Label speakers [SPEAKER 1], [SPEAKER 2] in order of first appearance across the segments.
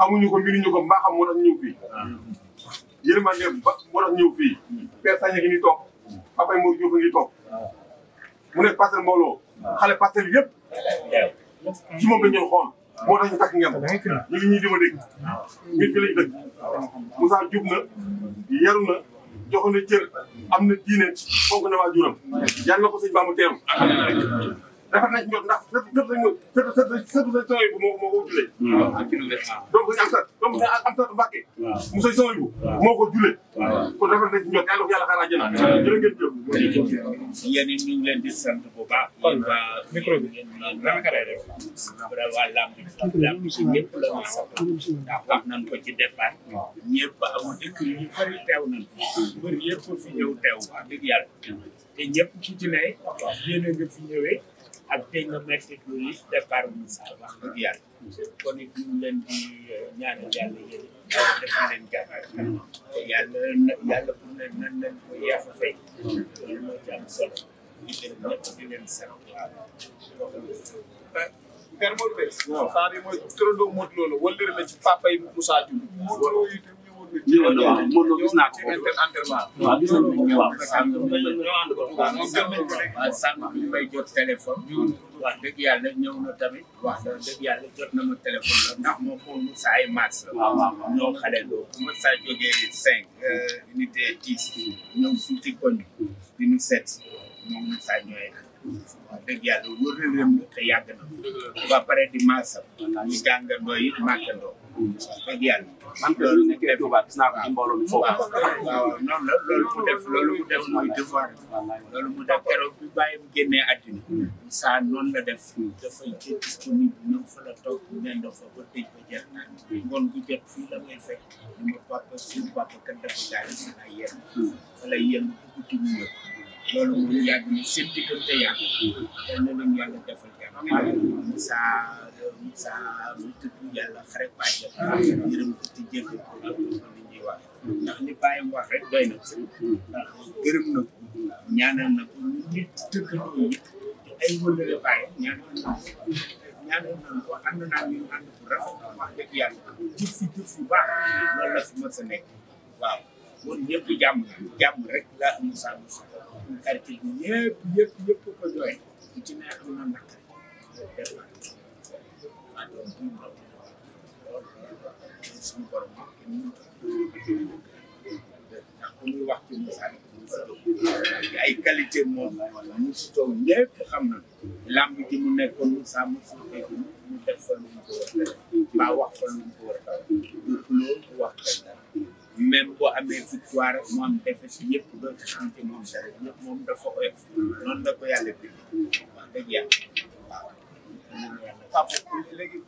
[SPEAKER 1] amuñu ko mbiruñu ko mbaaxam moo tax ñëw fii yërmande ba moo tax ñëw fii père Sagna ngi ni toog papa Mor Diouf ngi toog mu nekk Pastef mbooloo xale Pastef yëpp ci moom la ñuy xool moo tax ñu takk ngeen ñu ngi ñuy dima dégg ñun fi am na diine fonk na waajuram yàlla na ko sëñ dafa nañ ñoom ndax sëb lañ sëb sëb sëb sëñ Souhaïbou moo moo ko julee. Hmm. Ah, donc dañuy am sa donc dañuy am sa Mbàkke. mu sëñ Souhaïbou moo ko julee. kon dafa nañ ñoom yàlla yàlla xaaral jëna. jërë ngeen jëf. yéen it ñu ngi leen di sant bu baax. micro bi naka lay def. waa làmb ñëpp la ñu sant. ndax wax nañ ko ci départ. ñëpp amul dëkk yu bëri teew nañ bëri yëpp fi ñëw teew wax dëgg yàlla. te ñëpp ci ci ne yéen a nga fi ñëwee. ak tey nga méttiitlu li départ bu Moussa wax dëgg yàlla. kon it ñu leen di euh, ñaanal yàlla yéen def leen jàmm. yàlla yàlla bu leen nan leen ko yéex a fay. loolu moo ci am solo. ñu leen ñëpp di leen sant. Père Mor Bey. waaw saa mooy turandoo Modou Lo la wëllëre na ci papa yi Moussa Diouf. Modou Lo yi lii woon na waaw moom moom gis naa ko foofu waaw gis nañu ko waaw. waaw sànq bi dëgg yàlla ñëw na tamit wax dëgg yàlla jot na ma téléphone la ndax moom moom sa ay mars la. waaw ñoo xale ma saa jógee cinq unité dix. ñoom fii ci koñ bi ñu seet moom mu saa ñooy waaw dëgg yàlla wóor na leen te yàgg ba pare di marsam ñu jàngandoo yi màggandoo dëgg yàlla man de loolu nekkee Touba gis naa ko la loolu mu def loolu mu def mooy loolu mu def keroog bi bàyyi bu génnee àdduna. saa noonu la def. dafay jël disponible ñoom fa la toog ñu ne fa ba tëj ba jar naa ngoon bu jot la may fekk ñu ma papa suñu papa kat dafa daal di fa yem. fa la yem guddi ñu ñëw. loolu mu yàgg ni seen diggante yàgg. te ne leen yàlla defal jàmm. saa saa lu tudd yàlla xare ko àjjana yërëm ko ci jéggal ko ni ñuy wax ndax li bàyyi wax rek doy na ndax gërëm na ko ñaanal na ko ñu ngi tëkkatoo yi te ay wëllëre bàyyi ñaanal na ko ñaanal na ko ànd naa ñu ànd bu rafet wax dëgg yàlla jëf fi jëf yu baax loolu la fi mën sa nekk waaw kon ñëpp jàmm jàmm rek laa am saa bu sa quartier bi ñëpp ñëpp ñëpp ko jooy ci ne am na naqari waaw suñu borom wax ndax bu ñuy wax ci Masalik ay qualité moom mu si toog ñëpp xam na làmb ji mu nekkoon saa mu si dégg mu def fa lu mu ko war ba wax fa lu mu ko war loolu wax même boo amee victoire mu am défaite yëpp doon ci moom dara yëpp moom dafa oyof noonu la ko yàlla bind wax dëgg yàlla léegi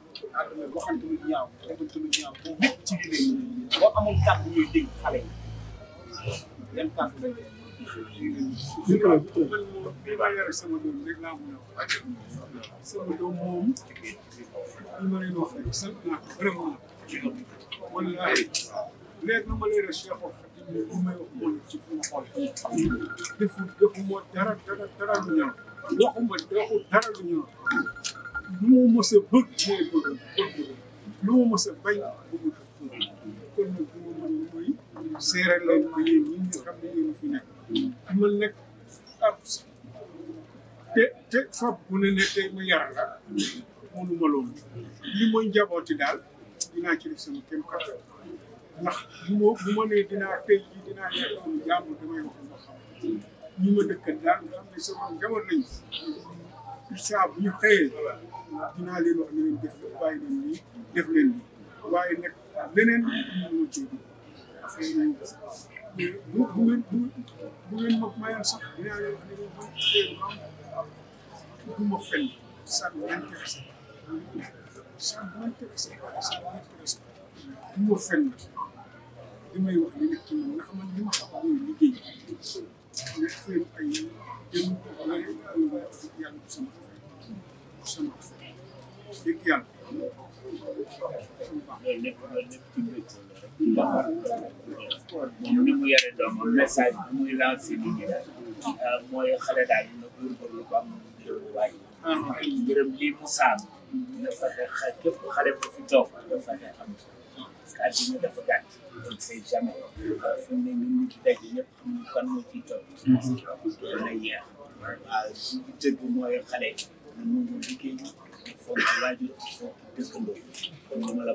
[SPEAKER 1] àdduna waxante lu ñaaw defante lu ñaaw boo lépp ci biir boo amul kàddu ñuy dégg xale yi yan kàddu lañ ma yore sama doom rek laa mun a sama doom moom li ma leen wax rek sant naa ko vraiment wallaahi léegi na ma leen a Cheikh wax mais bu may wax moom ci fu ma xool defu defu moo dara dara dara lu ñaaw waxuma waxu dara lu ñaaw lu mu mos a bëgg mooy bëgg lu mu mos bañ kon nag li ma mën fi nekk man nag ab te te fab bu ne ne tey ma yar la mënu ma loolu li mooy njabooti daal dinaa ci def sama kéem kàttan ndax bu ma bu dinaa tey dinaa yar mu jàmm damay wax loo xam ñu ma dëkkat daal nga xam ne sama njaboot lañu saa bu ñu xëyee dinaa leen wax ne leen def bàyyi leen nii def leen nii waaye nag leneen mënuma cee jóg parce que bu bu ngeen bu bu ngeen ma mayoon sax dinaa leen wax ne leen man xëy na du ma fenn ça ne m'intéresse pas ça ne m'intéresse pas ça ne m'intéresse pas du ma fenn damay wax ne nag ci man ndax man li ma xam mooy liggéey moom ni mu yore doomam message bi muy lancé nit ñi mooy xale daal na góorgóorlu ba mu njëriñ waay. njëriñ mu saam na fexe xa képp xale bu fi toog na fexe am parce que àddina dafa gàtt. mu ne nii ñu ci daje mu ngi liggéey ma la